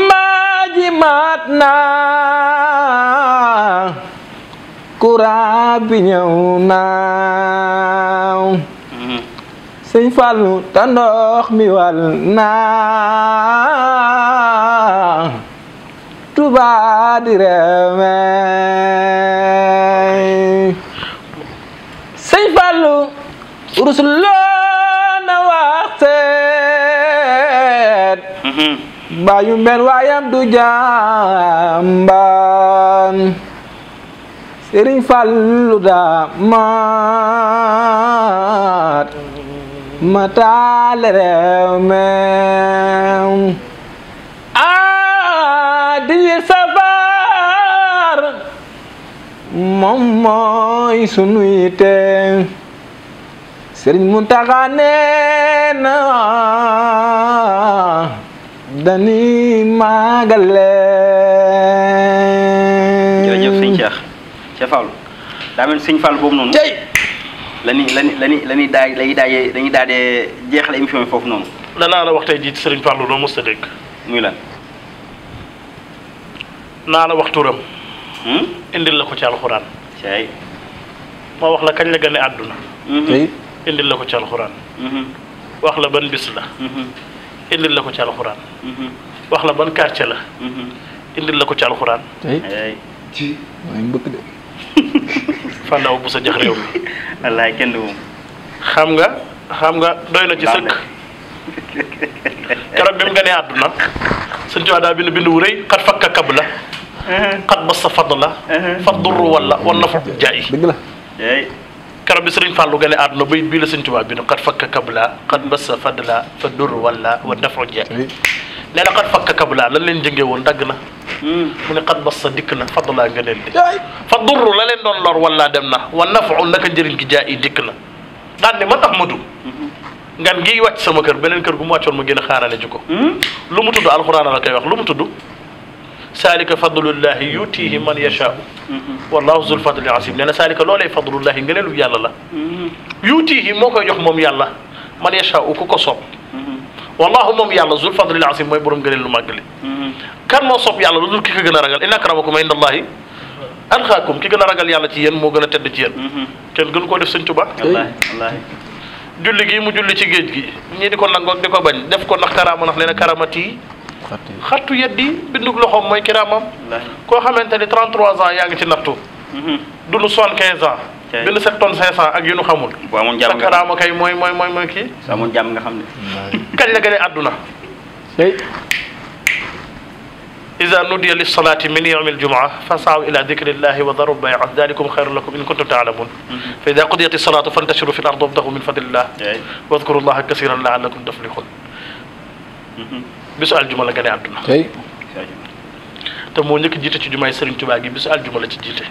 sëñ Fallu te ndox mi wal na tuba di reeme sëñ Fallu rus loo na waxteet mhm. baayu mel wayam du jamban sëriñ Fallu da maat mataal réew mi ah di safar moom mooy sunu yite Sëriñ Muntaxa nee na dañuy màggale. jërëjëf sëñ Cheikh Cheikh Fallou daa mel sëñ lañuy lañuy lañuy lañuy daay lañuy daayee dañuy daal di jeexale émission bi foofu noonu. danaa la wax tey jii Serigne Fallou loo mos a dégg. muy lan. naa la wax turam. indil la ko ci alxuraan. cay. ma wax la kañ la gane àdduna. indil la ko ci alxuraan. wax la ban bis la. indil la ko ci alxuraan. wax la ban quartier la. indil la ko ci alxuraan. cay. ci waaye mbëkk de. Fànnaaw bu sa jox réew mi. wallaay kenn du xam nga xam nga doy na ci sëkk. keroog bi mu gënee àdduna. suñu ci daa bind bind wu rëy xat fakka kab la. xat uh-huh. bas sa fadd la. fadd uh-huh. ru wala wan na fa jaay. dëgg la. keroog bi Sëriñ Fàllu gane àdduna bay bii la Sëriñ Tuubaa bi xat fakka kabla xat basa fadla fa dur wala wa dafa jaay nee na fakka kabla lan leen jëngee woon dagg na من قد بس دكنا فضل أجلل دي فضر لا لين دون لور ولا دمنا والنفع لك جرين كجاء دكنا داني ما تحمدو كان نعم، جي وقت سمكر بينك ربما تشر مجن خارا لجوكو لو متدو القرآن على كيف لو متدو سالك فضل الله يؤتيه من يشاء والله ذو الفضل العظيم لان سالك لولا فضل الله غنل يالله يؤتيه موكو جوخ موم يالله من يشاء كوكو سوب والله مم يالله زور فضل العظيم ما يبرم قليل ما قليل كان ما صب يالله زور كيف جنا رجال إن أكرمكم عند الله أرخاكم كيف جنا رجال يالله تيان مو جنا تد تيان كان جن كود سن تبا جل جي مو جل تيجي جي نيدي كون لانغوك ديكو بني دف كون نكرام نخلينا كرامتي خاتو يدي بندق لهم ما يكرامم كوه هم انت لي 33 ans يعني تنبتو دلو 75 benn septembre cinq cent ak yu nu xamul. bu amoon jàmm nga xam kay mooy mooy mooy mooy kii. su amoon jàmm nga xam ne. kañ la gën a àdduna. إذا نودي للصلاة من يوم الجمعة فسعوا إلى ذكر الله وذروا بيع ذلكم خير لكم إن كنتم تعلمون فإذا قضيت الصلاة فانتشروا في الأرض وابتغوا من فضل الله واذكروا الله كثيرا لعلكم تفلحون بسؤال جملة كان عندنا تمو نيك جيتا سي جمعة سيرن توبا جي بسؤال جملة سي جيتا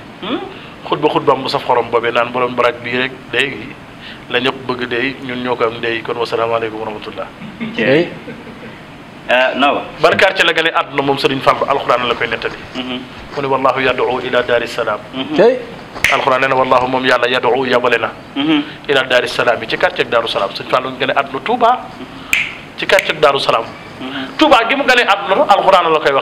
xutba xutbaam bu saf xorom boobee naan borom barak bii rek day la ñëpp bëgg day ñun ñoo ko am day kon wasalaamaaleykum wa rahmatullah. jërëjëf. Nawa. barkaar ci la gane àdduna moom Serigne Fall alxuraan la koy nettali. Mhm. mu ne wallaahu yad'u ila daari salaam. tey. Mhm. alxuraan nee na wallaahu moom yàlla yad'u yabale na. Mhm. ila daari salaam yi ci quartier daaru salaam Serigne Fall gane àdduna Touba ci quartier daaru salaam. Touba gi mu gane àdduna alxuraan la koy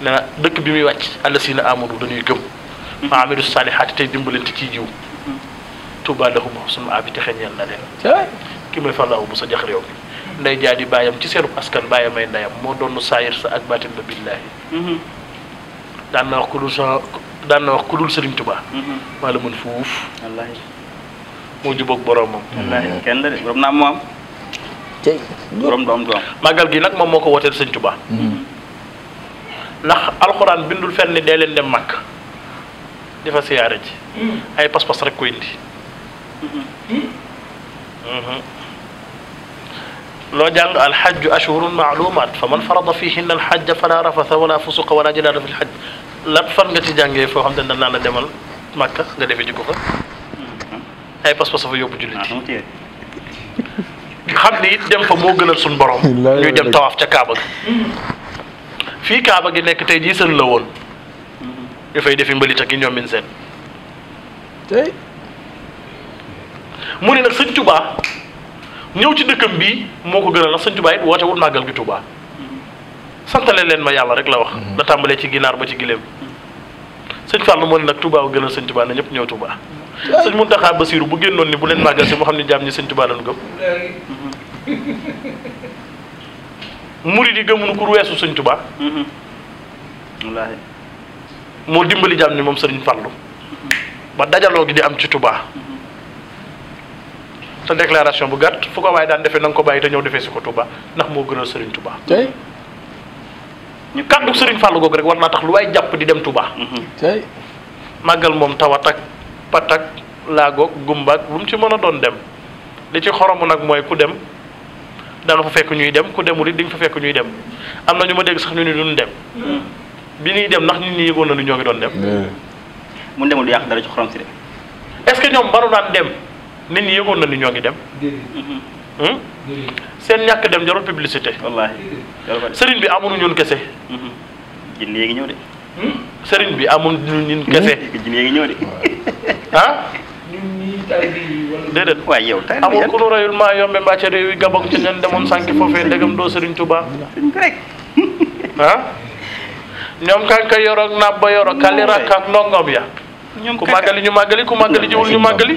nee na dëkk bi muy wàcc allasina amanu dañuy gëm ma mm-hmm. amilu saalihaati tey dimbalante ci jiw mm-hmm. Tuubaa lahum husnul ma'aab texe ñeel na leen ki may fallaahu bu sa jax réew mi mm-hmm. nday jaadi baayam ci seenu askan baayam ay ndayam moo doon saayir sa ak baatin ba billaahi daan na wax ku dul sa daan na wax ku dul Sëriñ Tuubaa maa la mën fuuf wallaahi doom màggal gi nag moom moo ko wooteel Sëriñ Tuubaa ndax alxuraan bindul fenn ni dee leen dem màkk difa fa siyaare ji ay pas-pas rek ko indi loo jàng alxajju ashhurun maalumaat fa man farada fihinna alxajja fala rafasa wala fusuqa wala jidaala fi lxaj la fan nga ci jàngee foo xam ne dañ naan la demal màkka nga defe ji fa ay pas-pas fa yóbbu jullit yi xam ni it dem fa moo gënal sun borom ñuy dem tawaaf ca Kaaba fii Kaaba gi nekk tey jii sën la woon ñu mm-hmm. fay defi mbalit ak yi ñoom min seen tey mu ne nag sëñ tubaa ñëw ci dëkkam bii moo ko gënal ndax sëñ Touba it woote wut màggal gi Touba mm-hmm. santale leen ma yàlla rek la wax. da mm-hmm. tàmbalee ci ginaar ba ci gileem. sëñ Fallou moo ne nag Touba wu gënal sëñ Touba na ñëpp ñëw Touba. sëñ Mountakha Bassirou bu génnoon ni bu leen màggal si moo xam ne jaam ñi sëñ Touba lañu gëm. murid yi gëmuñu ku weesu sëñ Tuubaa mm-hmm. moo dimbali jàmm ni moom sëriñ Fallu mm-hmm. ba dajaloo gi di am ci tubaa mm-hmm. te déclaration bu gàtt fu ko waaye daan defee na nga ko bàyyi te ñëw defee si ko tubaa ndax moo gënal sëriñ Tuubaa ñu kàddu sëriñ Fallu googu rek war naa tax lu waay jàpp di dem Tuubaa màggal moom tawat ak patak laagoog gumbaak lu mu ci mën a doon dem li ci xoromu nag mooy ku dem dana fa fekk ñuy dem ku demul it di nga fa fekk ñuy dem am na ñu ma dégg sax ñu ni duñ dem bi ñuy dem ndax ñu ni yëgoon nañu ñoo ngi doon dem mu demul yàq dara ci xorom si de est ce que ñoom baru naan dem ni ñi yëgoon nañu ñoo ngi dem hmm? seen ñàkk dem jarul publicité wallahi sëriñ bi amunu ñun kese hmm. jinne yi ngi ñëw de hmm? sëriñ bi amunu ñun kese jinn yi ngi ñëw de ah déedéet waay yow tey amul ku nu rayul maa yombe mbàcce réew yi gabon ci nen demoon sànki foofee ndegam doo Serigne Touba rek ah ñoom kanka yoroog naab ba yoro kali rakk ak ndongoom ya ku màggali ñu màggali ku màggali jiwul ñu màggali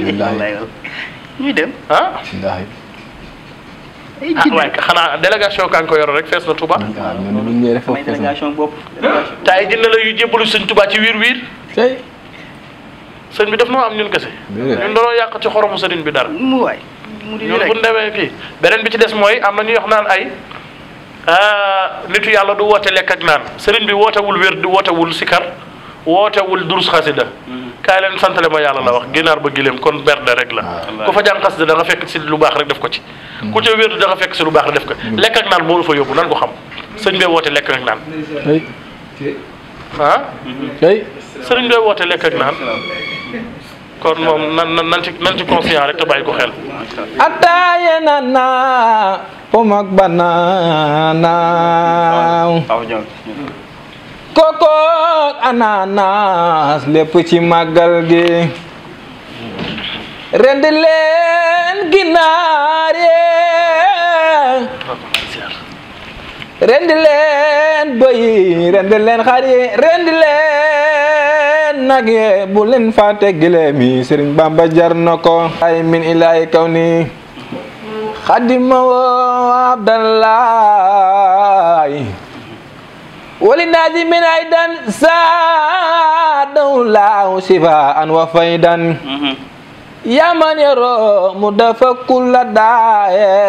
ñuy dem ah ah waaye xanaa délégation kan ko yoro rek fees na Touba. waaw ah, délégation bopp. te ay jinne la yu jébbalu Sëñ ci wiir wiir. sëñ bi def noo am ñun kese. ñun dañoo yàq ci xoromu sëriñ bi dara. mu waay mu di ñun bu ñu demee beneen bi ci des mooy am na ñuy wax naan ay ah, nitu yàlla du woote lekk ak naan sëriñ bi wootewul wér di wootewul sikar wootewul durus xasida mm-hmm. kaay leen santale ma yàlla la wax ginaar ba gileem kon berde rek la ku fa jàng xasida da nga fekk si lu baax rek def ko ci mm. ku ca wér da fekk si lu baax rek def ko mm. lekk ak naan moo fa yóbbu nan ko xam sëñ bee woote lekk ak naan ah sëriñ bee woote lekk ak naan ah? kon moom nan nan ci nan ci conscient rek te bàyyi ko xel. attaaye na naa pom ak banana. koko ananas lépp ci màggal gi. rendi leen ginaar yee. rendi leen bëy rendi leen nag yi bu leen fàtte gileem yi Sëriñ Bamba jar na ay min ilaahi kaw ni xadima woo abdallahi wali naasi ay dan saadaw laaw sifa an wa faydan mhm. yaman yaro mu dafa kulla daaye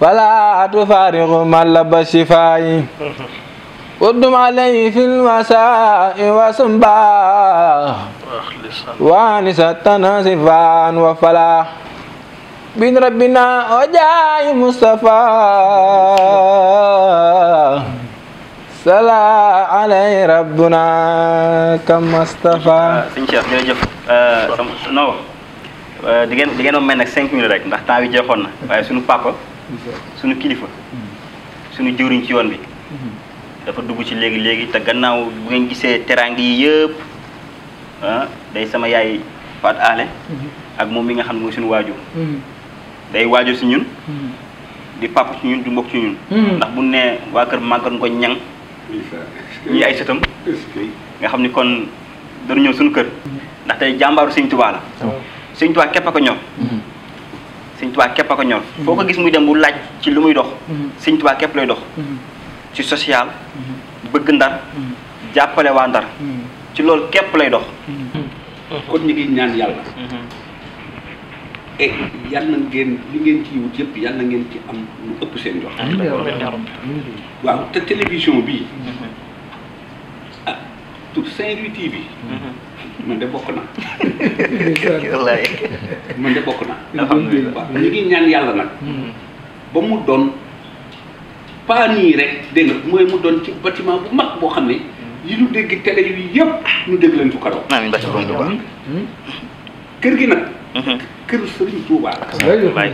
فلا تفارق من لب شفاي قدم عليه في المساء وسنبا وانس التناسفا وفلا بن ربنا وجاي مصطفى sala alay rabbuna kam Mustafa. sëñ Cheikh jërëjëf. Euh, non euh, di ngeen di ngeen ma may nag cinq minutes rek ndax temps bi jeexoon na waaye suñu papa. suñu kilifa suñu jëwriñ ci yoon bi dafa dugg ci léegi léegi te gannaaw bu ngeen gisee teraang yi yëpp ah day sama yaay Fat Aale ak moom mi nga xam ne mooy suñu waajur day waajur si ñun di papa ci ñun du mbokk ci ñun ndax bu ne waa kër màggat ngoñ ñang ñii ay sëtam nga xam ni kon dañu ñëw suñu kër ndax tey Sëñ Tuubaa la Sëñ Tuubaa képp a ko sëñ tubaa képp a ko ñor foo ko mhm. gis muy dem bu laaj ci lu muy dox mhm. sëñ tubaa képp lay dox mhm. ci social bëgg ndar jàppale waa ndar ci loolu képp lay dox kon ñu ngi ñaan yàlla e yàlla ngeen li ngeen ci wut yëpp yàlla ngeen ci am lu ëpp seen jox waaw te télévision bi ah tout Saint-Louis TV man de bokk naa. man de bokk naa. alhamdulilah ñu ngi ñaan yàlla nag. ba mu doon pas nii rek dégg nga mooy mu doon ci bâtiment bu mag boo xam ne. yi ñu dégg télé yi yëpp ñu dégg leen fu karoom. amiin ba ci kër gi nag. Mhm. kër Serigne Touba la. waaye ci ko nga dëgg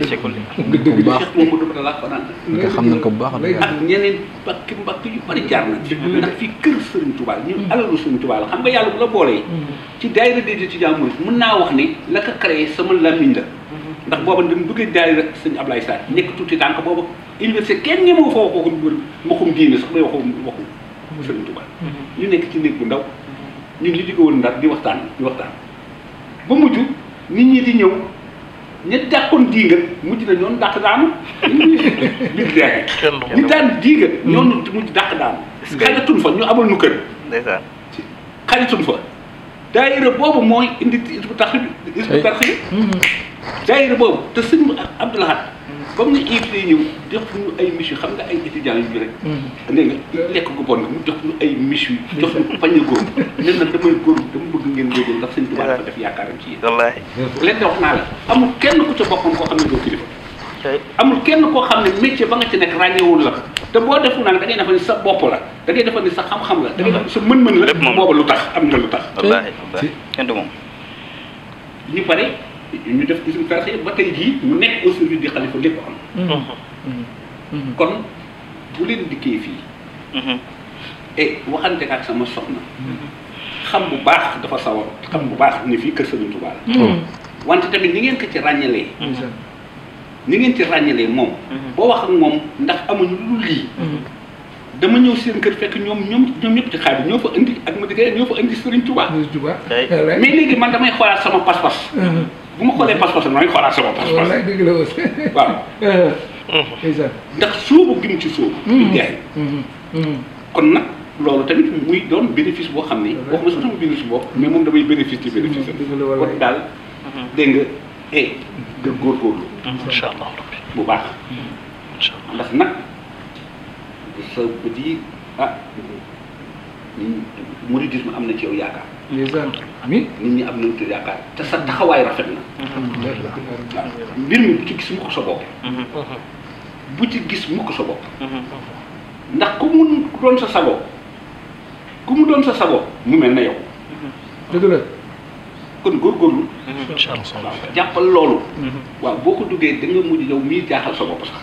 di Cheikh Mamadou Bala fanaan nga xam nañ ko bu baax ak ñeneen mbàkk mbàkk yu bari jaar na ci mhm. ndax fii kër Serigne Touba la yàlla bu la boolee mhm. ci daayira des étudiants murid mën naa wax ni la ko sama lamiñ la ndax booba dañ duggee daayira sëñ Ablaye Sarr nekk tuuti tànk booba université kenn ñemewu fa wax waxum waxum diine sax bay waxum waxum Serigne Touba ñu nekk ci néeg bu ndaw ñun li jóge Ndar di waxtaan di waxtaan ba mujj nit ñi di ñëw ña kon diingat mujj na ñoon dàq daanu. biir dee. ñi daan diingat. Hmm. ñoonu mujj dàq daanu. xajatun fa ñu amal nu kër. ndeysaan xajatun fa. daayira boobu mooy indi isbu tax bi. isbu tax hmm. daayira boobu te sëñ Abdoul comme ni IEF lay ñëw jox ñu ay miches xam nga ay étudiants yu ñu rek. nee mm. nga lekk gu bon mu jox ñu ay miches yu. jox ñu pañe góor nee na damay góor dama bëgg ngeen góorgóorlu ndax seen tubaab dafa def yaakaaram si yéen. wallaahi de wax naa la amul kenn ku ca boppam koo xam ne doo kilifa. amul kenn koo xam ne métier ba nga ci nekk ràññewul la te boo defu naa da ngay sa bopp la dangay ngay defa ni sa xam-xam la da ngay defa sa mm-hmm. mën-mën la booba lu tax am nga lu tax wallaahi kenn du moom ñu pare ñu def usine classée yëpp ba tey jii mu nekk au service di xalifa lépp am. Mm-hmm. Mm-hmm. Mm-hmm. kon bu leen dikkee fii. et waxante ak sama soxna. xam bu baax dafa sawar xam bu baax ni fii kër Sëriñ Tuubaa la. Oh. wante tamit ni ngeen ko ci ràññalee. ni ngeen ci ràññalee moom. boo wax ak moom ndax amuñu lu lii. dama ñëw seen kër fekk ñoom ñoom ñoom ñëpp ci xaar ñoo fa indi ak ma di ñoo fa indi Serigne Touba. mais léegi man damay xoolaat sama pas-pas. bu ma xoolee passeport maa ngi xoolaat sama passeport. walaay dëgg ndax sóobu gi mu ci sóobu. Mm-hmm. ñu jaay. Mm-hmm. Mm-hmm. kon nag loolu tamit muy doon bénéfice boo xam ni. waxuma sax sama bénéfice bopp mais moom damay bénéfice ci bénéfice am. kon daal dégg nga eh nga góorgóorlu. incha allah bu baax. incha allah ndax nag sa bët yi ah muridisme am na ci yaakaar. nit ñi am na tuuti yaakaar te sa taxawaay rafet na. waaw mbir mi mm-hmm. bu ci gis mukk sa bopp. bu ci gis mukk sa bopp. ndax ku mu doon sa sago ku mu doon sa sago mu mel na yow. Mm-hmm. dëgg la. kon góorgóorlu. Mm-hmm. incha allah jàppal loolu. waaw boo ko duggee da nga mujj yow mii jaaxal sa bopp sax.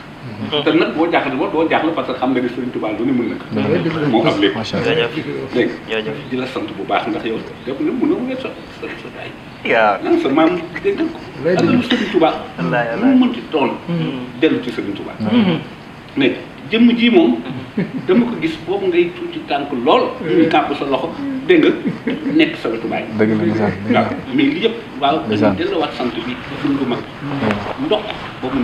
te nag boo jaaxle boo doo jaaxle parce que xam nga ne Serigne Touba lu ne mën na ko. moo am lépp macha allah dégg nga di la sant bu baax ndax yow def na mën na mu ngeen sa sa sa yaay. waaw sa maam dégg nga ko. lay dégg ak Serigne Touba. wallaay wallaay mu mën ci tool. Mm-hmm. dellu ci Serigne Touba. Mm-hmm. dégg jëmm ji moom dama ko gis boobu ngay tuuti tànk lool ñu kàpp sa loxo dégg nga nekk sa wetu baay dëgg la waaw mais li yëpp waaw dañu delluwaat sant bi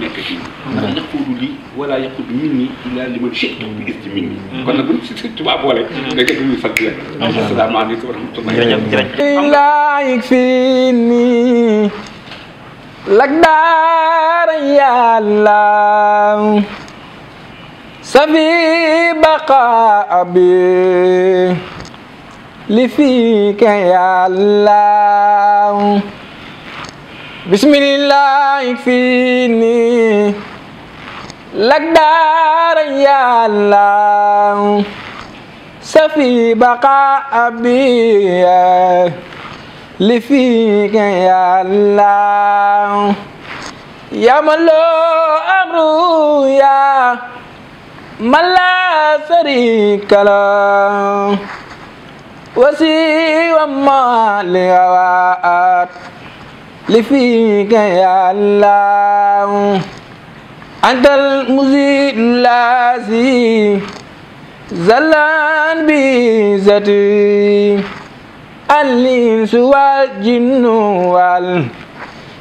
nekk ci ndax yaqulu lii wala yaqulu min nii illaa li man chit bi gis ci min nii mm-hmm. kon nag buñ si سبي بقى أبي لفيك يا الله بسم الله فيني لك دار يا الله سفي بقى أبي لفيك يا الله يا ملو أمرو يا من لا شريك له وسيء ما لغوات لفيك يا الله أنت المزيد الذي زلان بذاتي الإنس والجن والجن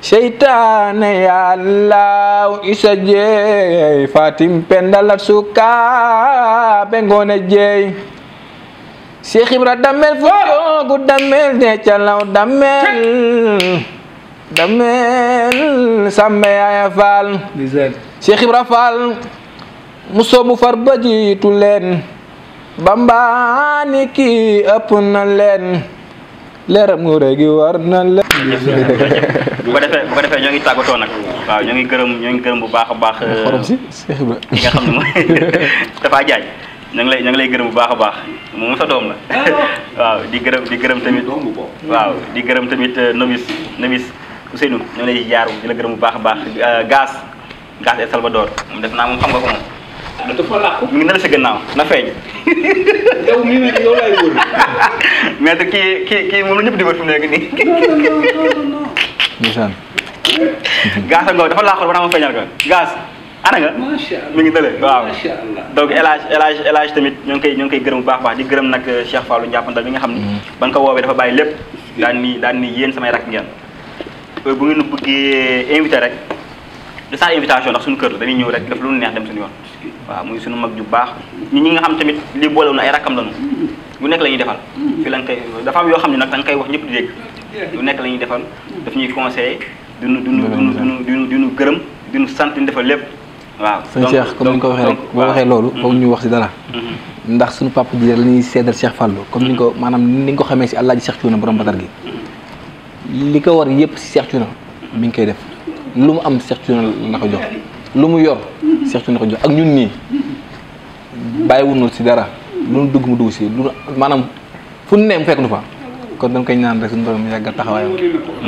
seytaane yàllaaw isa jeey fatim pendalat sukaabe ngoone jeey Seex Ibra dammel foogu dammel ne calaw dammel dammel sàmba faal Seex Ibra faal musoobu far ba jiitu leen bambaani ëpp na leen leeram nguure gi war na leen bu ko defee bu ko defee ñoo ngi tàggatoo nag waaw ñoo ngi gërëm ñoo ngi gërëm bu baax a baax xorom si ki nga xam ne mooy dafa jaaj ñu ngi lay ñu ngi lay gërëm bu baax baax moom sa doom la waaw di gërëm di gërëm tamit waaw di gërëm tamit nomis, euh, nomis. Ousseynou ñu ngi lay jaar di la gërëm bu baax a baax gaz euh, gaz El Salvador moom def naa moom xam nga ko moom ah, dafa làqu mi ngi na la sa gannaaw na feeñ yow mi nag yow laay wër mais kii kii kii moom ñëpp di wër fi mu nekk nii Misal gas ngoo kan dafa laaxoon war naa ma feeñal ko kan. gaas ana nga mi ngi dële waaw donc élage élage élage tamit ñu ngi koy ñu ngi koy gërëm bu baax baax di gërëm nak Cheikh eh, Fallou Ndiapandal mi nga xam ni hmm. ba nga ko woowee dafa bàyyi lépp iya. daan ni daan ni yéen samay rak ngeen bu ngeen bëggee invité rek de sans invitation ndax suñu kër la dañuy ñëw rek def lu neex dem suñu yoon waaw muy suñu mag ju baax ñi ñi nga xam tamit li boole woon ay rakkam lañu bu nekk la ñuy defal fi lañ koy dafa am yoo xam ne dañ koy wax ñëpp di dégg lu nekk la ñuy defal daf ñuy conseillé du nu du nu du nu du nu gërëm du nu sant ñu defal lépp waaw sëñ Cheikh comme ni nga ko waxee rek boo waxee loolu foog ñu wax si dara mm-hmm. ndax suñu papa ji la ñuy seedal Cheikh Fallou comme ni nga ko mm-hmm. maanaam ni nga ko xamee si àllaaji Cheikh Cuuna borom Badar gi mm-hmm. li ko war yëpp si Cheikh Cuuna mi ngi koy def lu mu am Cheikh Cuuna la ko jox lu mu yor Cheikh Cuuna la ko jox ak ñun nii bàyyiwunul si dara lu nu dugg mu dugg si lu maanaam fu ne mu fekk nu fa kon dañ koy ñaan rek suñu borom yàggal taxawaayam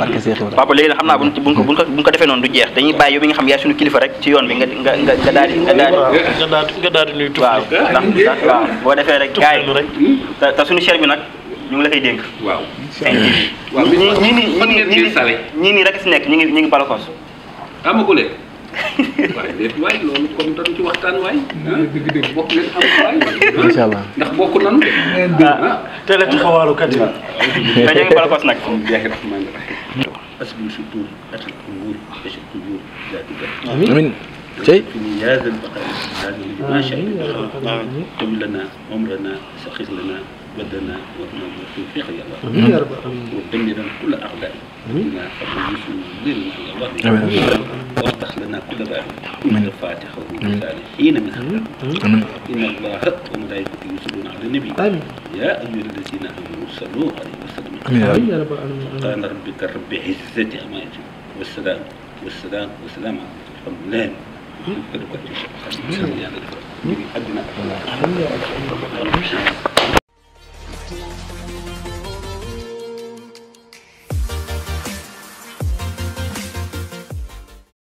barke Seex Ibra papa léegi nag xam naa buñ buñ ko buñ ko defee noonu du jeex dañuy bàyyi yow mi nga xam yaay suñu kilifa rek ci yoon bi nga nga nga nga nga daal di nga waaw boo defee rek gars yi te suñu cher bi nag ñu ngi la koy dénk waaw ñi ñi ngi ñi ngi waaye lépp waay loolu comme dañ ci waxtaan waay. Ah, dëgg dëgg bokk ngeen am waay. incha allah ah, ndax bokk nañu de. ah, ah. teel a taxawaalu kat yi. te ñu ngi balkos nag. asbil surtout atal umur asil toujours zaati ba. amiin tey. yaazal baqaari yaazal maa sha allah. tub lana umrana saxis lana badana wa naa fi fexe yàlla. amiin yaa rabbi amiin. wa dammir kulla a'daa آمين آمين وارتح لنا كل ذلك من الفاتحه والصالحين من امين ان الله وملائكته يصلون على النبي يا ايها الذين امنوا صلوا عليه وسلموا امين يا رب قال ربك رب عزتي عما يصفون والسلام والسلام والسلام على الحمد لله نذكرك ان شاء الله